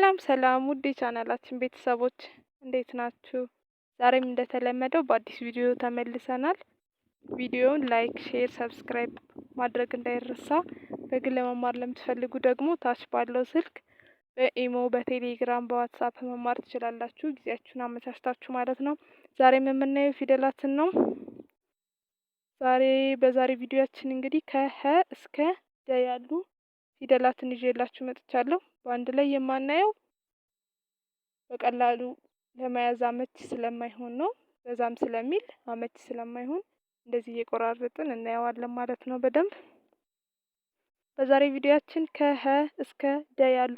ሰላም ሰላም ውድ የቻናላችን ቤተሰቦች እንዴት ናችሁ? ዛሬም እንደተለመደው በአዲስ ቪዲዮ ተመልሰናል። ቪዲዮውን ላይክ፣ ሼር፣ ሰብስክራይብ ማድረግ እንዳይረሳ። በግል ለመማር ለምትፈልጉ ደግሞ ታች ባለው ስልክ በኢሞ፣ በቴሌግራም፣ በዋትሳፕ መማር ትችላላችሁ። ጊዜያችሁን አመቻችታችሁ ማለት ነው። ዛሬም የምናየው ፊደላትን ነው። ዛሬ በዛሬ ቪዲዮያችን እንግዲህ ከሀ እስከ ደ ያሉ ፊደላትን ይዤላችሁ መጥቻለሁ። በአንድ ላይ የማናየው በቀላሉ ለመያዝ አመች ስለማይሆን ነው። በዛም ስለሚል አመች ስለማይሆን እንደዚህ እየቆራረጥን እናየዋለን ማለት ነው በደንብ። በዛሬ ቪዲዮያችን ከሀ እስከ ደ ያሉ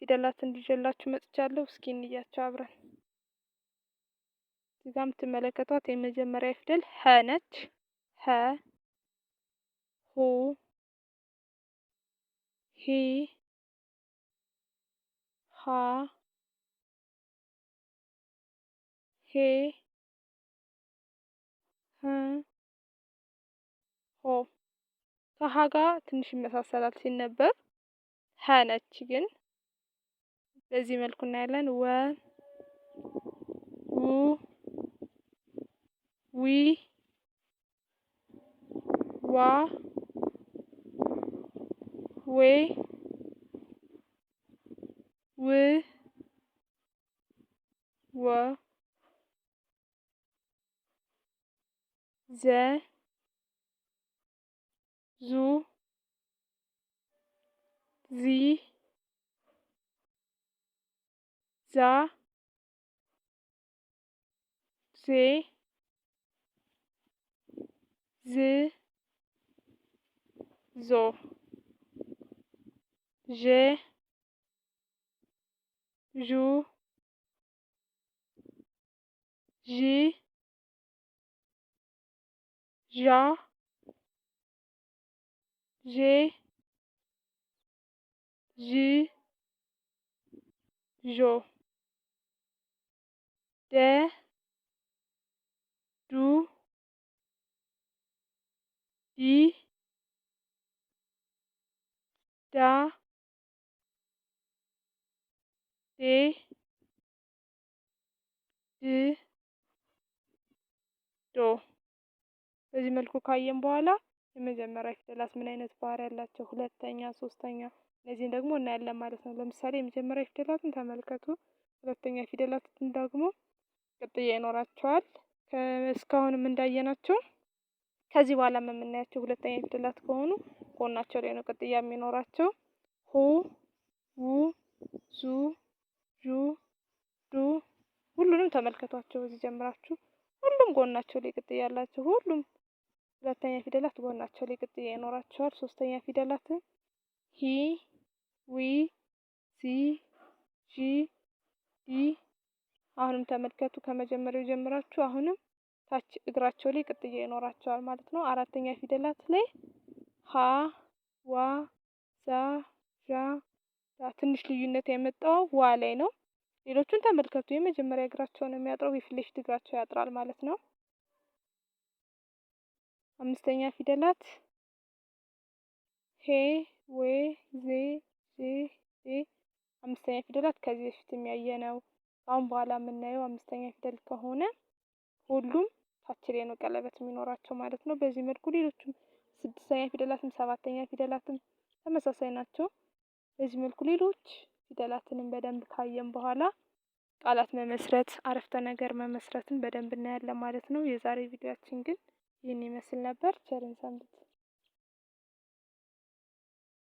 ፊደላትን ይዤላችሁ መጥቻለሁ። እስኪ እንያቸው አብረን። እዛም ትመለከቷት የመጀመሪያ ፊደል ሀ ነች። ሀ ሁ ሂ ሃ ሄ ህ ሆ ከሀ ጋር ትንሽ ይመሳሰላል ሲነበብ ሀ ነች ግን በዚህ መልኩ እናያለን። ወ ው ዊ ዋ We, we, wa ze zu zi za ze ze zo j'ai, joue, j'ai, jean j'ai, j'ai, je, de du, di, da, D ድ ዶ በዚህ መልኩ ካየን በኋላ የመጀመሪያ ፊደላት ምን አይነት ባህሪ ያላቸው፣ ሁለተኛ፣ ሶስተኛ እነዚህን ደግሞ እናያለን ማለት ነው። ለምሳሌ የመጀመሪያ ፊደላትን ተመልከቱ። ሁለተኛ ፊደላትን ደግሞ ቅጥያ ይኖራቸዋል። እስካሁንም እንዳየናቸው ከዚህ በኋላ የምናያቸው ሁለተኛ ፊደላት ከሆኑ ጎናቸው ላይ ነው ቅጥያ የሚኖራቸው ሁ ው ዙ ተመልከቷቸው። እዚህ ጀምራችሁ ሁሉም ጎናቸው ላይ ቅጥያ ያላቸው ሁሉም ሁለተኛ ፊደላት ጎናቸው ላይ ቅጥያ ይኖራቸዋል። ሶስተኛ ፊደላት ሂ፣ ዊ፣ ሲ፣ ጂ፣ ዲ። አሁንም ተመልከቱ ከመጀመሪያው ጀምራችሁ አሁንም ታች እግራቸው ላይ ቅጥያ ይኖራቸዋል ማለት ነው። አራተኛ ፊደላት ላይ ሀ፣ ዋ፣ ዛ፣ ዣ። ትንሽ ልዩነት የመጣው ዋ ላይ ነው። ሌሎቹን ተመልከቱ። የመጀመሪያ እግራቸው ነው የሚያጥረው፣ የፊት ለፊት እግራቸው ያጥራል ማለት ነው። አምስተኛ ፊደላት ሄ፣ ወይ ዜ፣ ዜ፣ ዜ። አምስተኛ ፊደላት ከዚህ በፊት ነው። አሁን በኋላ የምናየው አምስተኛ ፊደል ከሆነ ሁሉም ታች ላይ ነው ቀለበት የሚኖራቸው ማለት ነው። በዚህ መልኩ ሌሎቹም ስድስተኛ ፊደላትም ሰባተኛ ፊደላትም ተመሳሳይ ናቸው። በዚህ መልኩ ሌሎች ፊደላትንም በደንብ ካየን በኋላ ቃላት መመስረት፣ አረፍተ ነገር መመስረትን በደንብ እናያለን ማለት ነው። የዛሬ ቪዲዮችን ግን ይህን ይመስል ነበር። ቸርን ሰንብት።